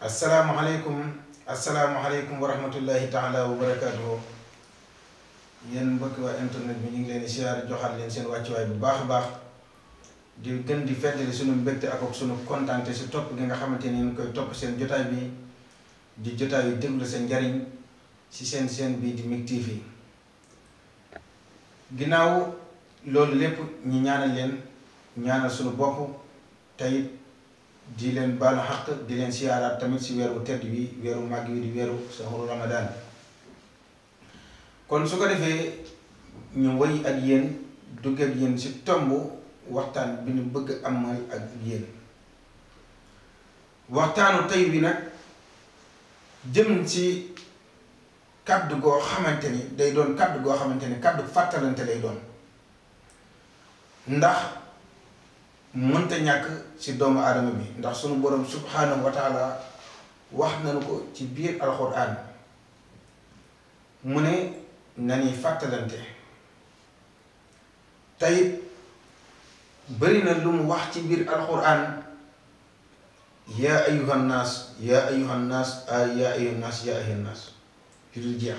asalaamualeykum asalaamualeykum wa rahmatullahi taala wa barakaatuhu yéen mbokk waa internet bi ñu ngi leen di siyaare joxaat leen seen wàccuwaay bu baax a baax di gën di feddali suñu mbégte ak suñu sunu kontaante si topp gi nga xamante ni ñu koy topp seen jotaay bi di jotaay yu déglu sa njariñ si seen seen bii di MIG TV yi ginnaaw loolu lépp ñi ñaana leen ñaana suñu bopp tey di leen baalu xaq di leen siyaaraat tamit si weeru tedd wi weeru màgg wi di weeru saxuru ramadaan kon su ko defee ñu wëy ak yéen dugg ak yéen si tomb waxtaan bi ñu bëgg amal ak yéen waxtaanu tey wi nag jëm ci kàdd goo xamante ni day doon kàdd goo xamante ni kàddu fàttalante lay doon ndax mënta ñàkk ci doomu aadama bi ndax sunu borom subhanahu wa taala wax nañu ko ci biir alxuraan mu ne nani fàttalante tey bëri na lu mu wax ci biir alxuraan ya ayuhan naas yaa ayuhan naas yu dul jeex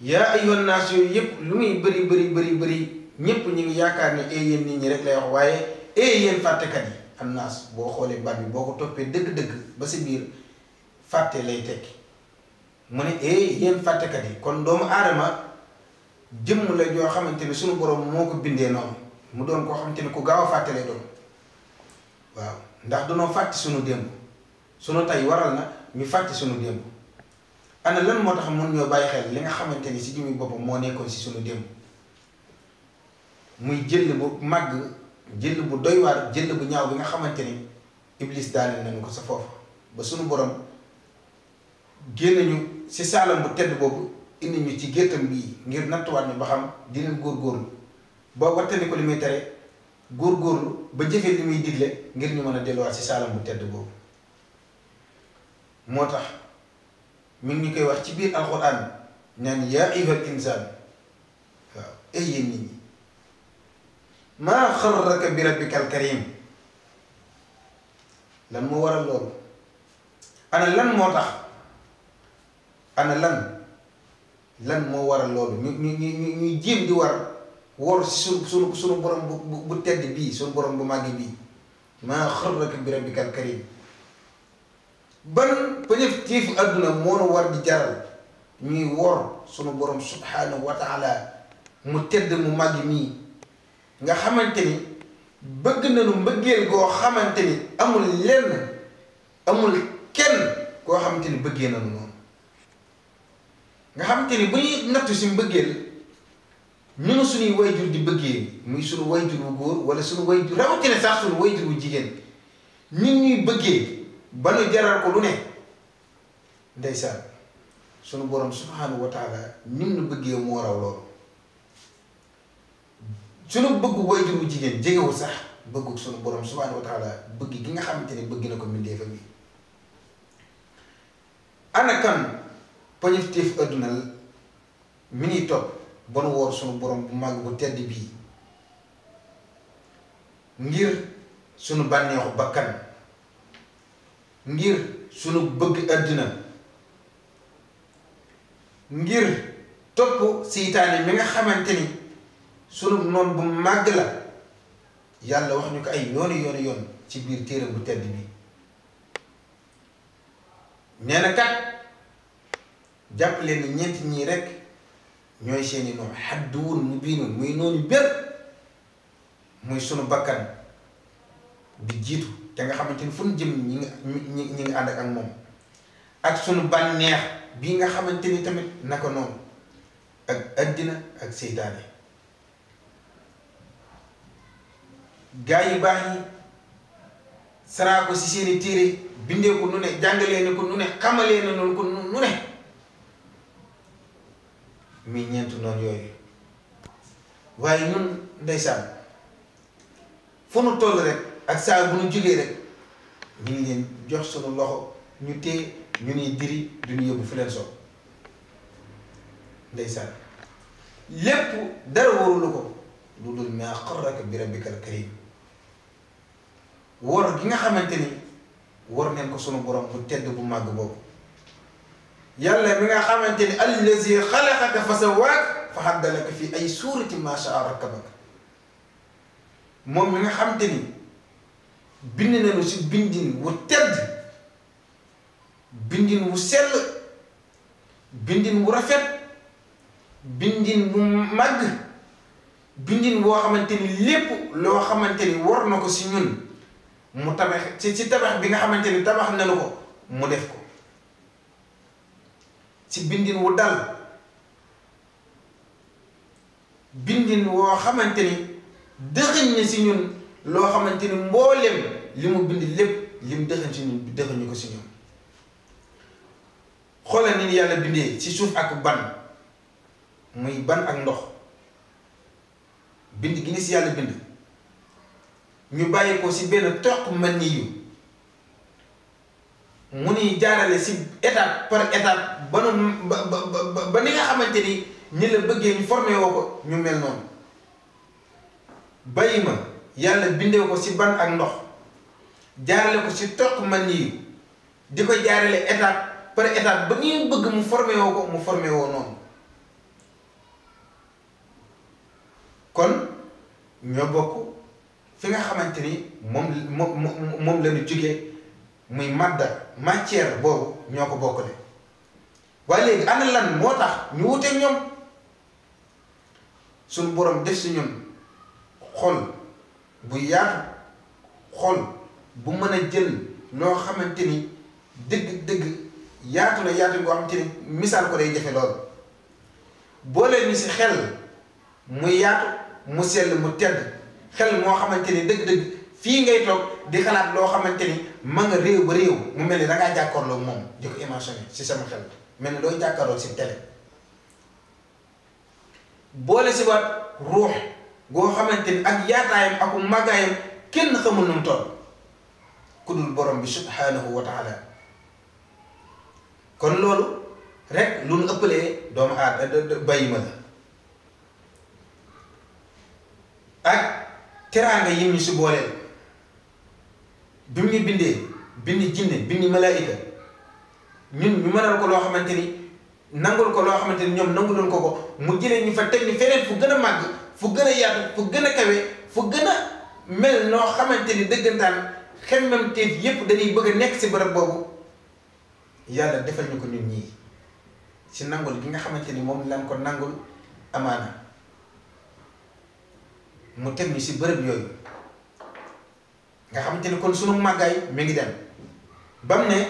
yaa ayuhan naas yooyu yëpp lu muy bëri bëri bëri bëri ñépp ñu ngi yaakaar na eh yéen nit ñi rek lay wax waaye eh yéen fàttekat yi am naas boo xoolee baat bi boo ko toppee dëgg-dëgg ba si biir fàtte lay tekki mu ne eh yéen fàttekat yi kon doomu aadama jëmm la joo xamante ni suñu borom moo ko bindee noonu mu doon koo xamante ni ku gaaw a fàttalee lay doon waaw ndax danoo fàtte suñu démb suñu tey waral na ñu fàtte suñu démb ana lan moo tax mun ñoo bàyyi xel li nga xamante ni si jëmmi boppam moo nekkoon si suñu démb. muy jëll bu mag, jëll bu doy waar jëll bu ñaaw bi nga iblis daane nañu ko sa boram, ba sunu borom génn ñu si saalam bu tedd boobu indi ñu ci géttam bii ngir nattuwaat ñu ba xam dinañ góorgóorlu ba wattani ko li muy tere góorgóorlu ba jëfee li muy digle ngir ñu mën bu tedd koy wax ci biir ya ayyuhal nit ñi ما خرك بربك الكريم لم ورا اللول انا لم موتاخ انا لم لم مو ورا اللول ني ني ني جيم دي ور ور سونو سونو سونو بروم بو تيد بي سونو بروم بو ماغي بي ما خرك بربك الكريم بن بنيف تيف ادنا مونو ور دي جارال ني ور سونو بروم سبحانه وتعالى مو تيد مو ماغي مي nga xamante ni bëgg nañu mbëggeel goo xamante ni amul lenn amul kenn koo xamante ni bëggee nañu noonu nga xamante ni bu ñuy nattu si mbëggeel ñu ne suñuy wayjur di bëggee muy suñu wayjur wu góor wala su wayjur rawatina sax suñu wayjur wu jigéen ñun ñuy bëggee ba nu ko lu ne ndeysaan suñu borom subhanahu wa taala ñun nu bëggee moo raw loolu sunu bëgg waajur wu jigéen jegewul sax bëggu sunu borom subhaanahu wa taala bëgg gi nga xamante ne bëgg na ko mbindeefam yi ana kan positif adduna mi ngi topp ba nu woor sunu borom bu màgg bu tedd bii ngir sunu bànneexu bakkan ngir sunu bëgg adduna ngir topp seytaane mi nga xamante ni سلوك نون بمغلا يالله وحنك أي يوني يوني يوني تبير تيرا بتد بي نينا كات جاب لين نيرك نيوي سيني نو حدون نبينو موي نون بير موي سونو بكان دي جيتو تيغا خامتيني فون جيم نيغا نيغا موم اك سونو بان نيه بيغا خامتيني تاميت ناكو نون اك ادينا اك سيداني gaa yi baax yi saraa ko si seeni téere bindee ko nu ne jàngalee na ko nu ne xamalee na noonu ko nu ne muy ñeent noonu yooyu waaye ñun ndeysaan fu nu toll rek ak saa bu nu jógee rek ñu ngi jox sunu loxo ñu téye ñu nuy diri duñu yóbbu fu leen so ndeysaan lépp dara warulu ko lu dul maa xarraka bi rabbikal karim wor gi nga xamanteni wor war ko sunu borom bu tedd bu mag boobu yàlla mi nga xamanteni allazi khalaqaka fa sawaak fa xaddalaka fi ay surati ma shaa rakabak mom mi nga xamanteni bind na lu ci bindin wu tedd bindin wu sel bindin wu rafet bindin wu mag bindin woo xamanteni lépp lo xamanteni ni war na ko ñun mu tabax ci ci tabax bi nga xamante ni tabax nanu ko mu def ko ci bindin wu dal bindin woo xamante ni dëxëñ na si ñun loo xamante ni mboolem li mu bind lépp li mu dëxëñ si ñun dëxëñ ko si ñun xoolal ni yàlla bindee ci suuf ak ban muy ban ak ndox bind gi ni yàlla bind ñu bàyyi ko ci benn toq man yu mu ni jaarale si étape par étape ba nu ba ba ba ni nga xamante ni ñi la bëggee ñu formé ko ñu mel noonu bàyyi ma yàlla bindee ko ci ban ak ndox jaarale ko ci toq man yu di ko jaarale étape par étape ba ngeen bëgg mu formewoo ko mu formé noonu kon ñoo bokk fi nga xamante ni moom moom moom la ñu jógee muy madda matière boobu ñoo ko bokkale waaye léegi ana lan moo tax ñu wuteeg ñoom suñu borom def si ñun xol bu yaatu xol bu mën a jël loo xamante ni dëgg-dëgg yaatu na yaatu boo xamante ni misaal ko day jafe lool boo leen si xel mu yaatu mu sell mu tedd xel moo xamante ni dëgg-dëgg fii ngay toog di xalaat loo xamante ni ma nga réew ba réew mu mel ni da ngaa jàkkaarloo moom di ko émotionné si sama xel mel ni doo jàkkaarloo si télé boole si waat ruux goo xamante ni ak yaataayam ak màggaayam kenn xamul nu mu toll ku dul borom bi subhanahu wa taala kon loolu rek lu nu ëppalee doomu aadama bayima la ak teraanga yim ñu si booleel bi mu ñu bindee bind jinne bind malaayika ñun ñu mënal ko loo xamante ni nangul ko loo xamante ni ñoom nanguloon ko ko mu jëlee ñu fa teg ni feneen fu gën a màgg fu gën a yaatu fu gën a kawe fu gën a mel noo xamante ni dëggantaan xemmam téef yépp dañuy bëgg a nekk si bërëb boobu yàlla defal ñu ko ñun ñii si nangul gi nga xamante ni moom lañ ko nangul amaana mu teg ñu si bërëb yooyu nga xamante ni kon sunu màggaay mi ngi dem ba mu ne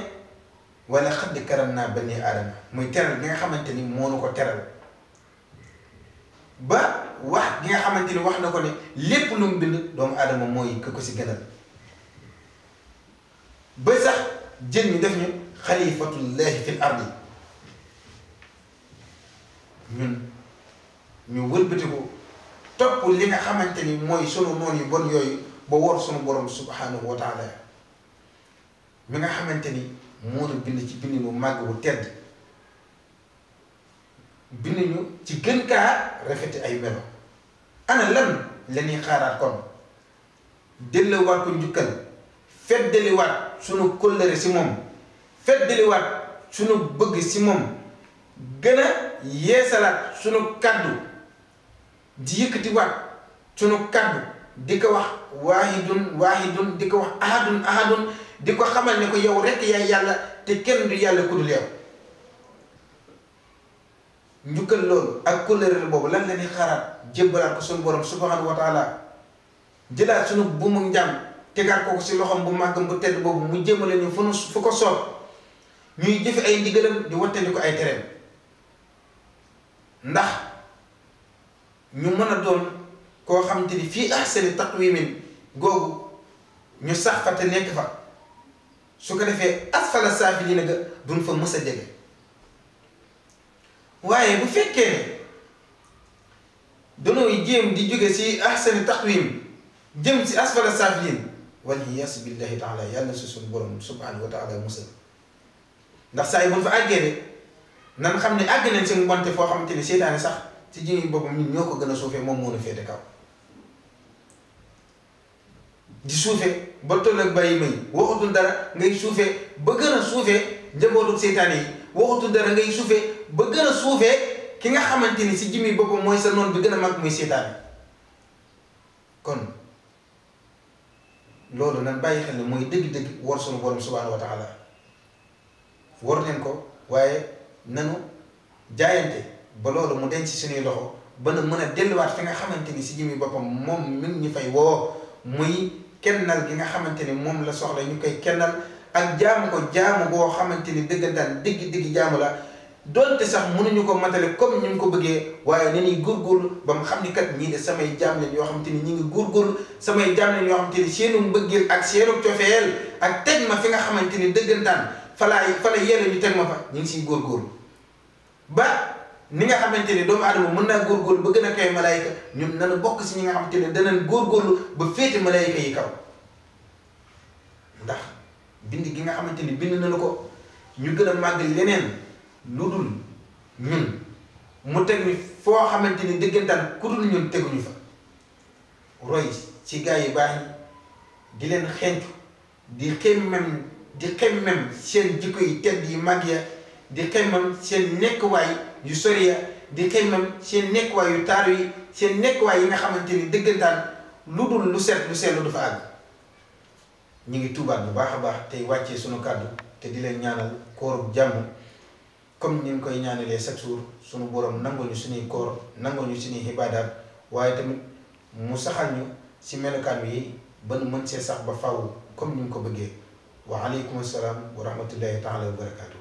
wala xadd karam naa bani aadama muy teral gi nga xamante ni moo nu ko teral ba wax gi nga xamante ni wax na ko ne lépp lu mu bind doomu aadama mooy ki ko si gënal ba sax jën ñu def ñu xalifatullahi fil ardi ñun ñu wëlbatiku topp li nga xamante ni mooy sunu noon yu bon yooyu ba wor sunu borom subhanahu wa taala mi nga xamante ni moo ñu bind ci bind mu màgg bu tedd bind ñu ci gën kaa rafeti ay melo ana lan la ñuy xaaraat kon delloowaat ko njukkal feddaliwaat sunu kóllëre si moom feddaliwaat sunu bëgg si moom gën a yeesalaat sunu kàddu di yëkkatiwaat sunu kaddu di ko wax waahidun waahidun di ko wax ahadun ahadun di ko xamal ne ko yow rekk yaay yàlla te kenn du yàlla ku dul yow njukkal loolu ak kóllëre boobu lan la ñuy xaaraat jébbalaat ko sunu borom subhaanahu wa taala jëlaat sunu buumu njàm tegaat ko si loxoom bu màggam bu tedd boobu mu jëmale ñu fu nu fu ko soob ñuy jëfe ay ndigalam di wattandi ko ay tereem ndax ñu mën a doon koo xamante ni fii ahsani taqwimin googu ñu sax fa te nekk fa su ko defee asfala saafiliina ga duñ fa mës a jege waaye bu fekkee ne danooy jéem di jóge si ahsani taqwim jëm si asfala saafiliin waliyaasu billahi taala yàlla si suñu borom subhanahu wa taala musal ndax saa yi buñ fa àggee de nan xam ne àgg nañ si mbonte foo xamante ni seytaane sax ci jëmmi boppam ñun ñoo ko gën a suufee moom moo ñu féete kaw di suufee ba toll ak bàyyi may waxutul dara ngay suufee ba gën a suufee ki nga xamante ni si jëmmi boppam mooy sa noon bi gën a mag muy seytaane kon loolu nag bàyyi xel ne mooy dëgg-dëgg war sunu borom subhaanahu wa taala war neen ko waaye nanu jaayante ba loolu mu denc suñuy loxo ba na mën a delluwaat fi nga xamante ni si jëmi boppam moom mi ngi ñu fay woo muy kennal gi nga xamante ni moom la soxla ñu koy kennal ak jaamu ko jaamu boo xamante ni dëggantaan digg digg jaamu la doonte sax munuñu ko matale comme ñu ngi ko bëggee waaye ni ñuy góorgóorlu ba mu xam ni kat ñii de samay jaam leen yoo xamante ni ñu ngi góorgóorlu samay jaam leen xam xamante ni seenu mbëggeel ak seenu cofeel ak teg ma fi nga xamante ni dëggantaan fa laay fa la yéene ñu teg ñu ngi siy góorgóorlu ba ni nga xamante ni doomu aadama mën naa góorgóorlu ba gën a kawe malaayika ñun nanu bokk si ñi nga xamante ni danañ góorgóorlu ba féete malaayika yi kaw ndax bind nga xamante ni bind nañu ko ñu gën a màgg leneen lu dul ñun mu teg ñu foo xamante ni dëggantaan ku dul ñun teguñu fa roy ci gaa yu baax yi di leen xentu di xemmem di xemmem seen jikko yi tedd yi màgg ya di xemmem seen nekk waay yu sori ya di xemmam seen nekkuwaay yu taaru yi seen nekkuwaay yi nga xamante ni dëggantaan lu dul lu set lu seetlu du fa àgg ñu ngi tuubaat bu baax a baax tey wàccee sunu kàddu te di leen ñaanal koorub jàmm comme ni ñu koy ñaanalee chaque jour sunu borom nangoo ñu suñuy koor nangoo ñu suñuy ibaadaat waaye tamit mu saxal ñu si melokaan yi ba nu mën see sax ba faw comme ni ñu ko bëggee wa aleykum salaam wa rahmatullahi taala wa barakaatu.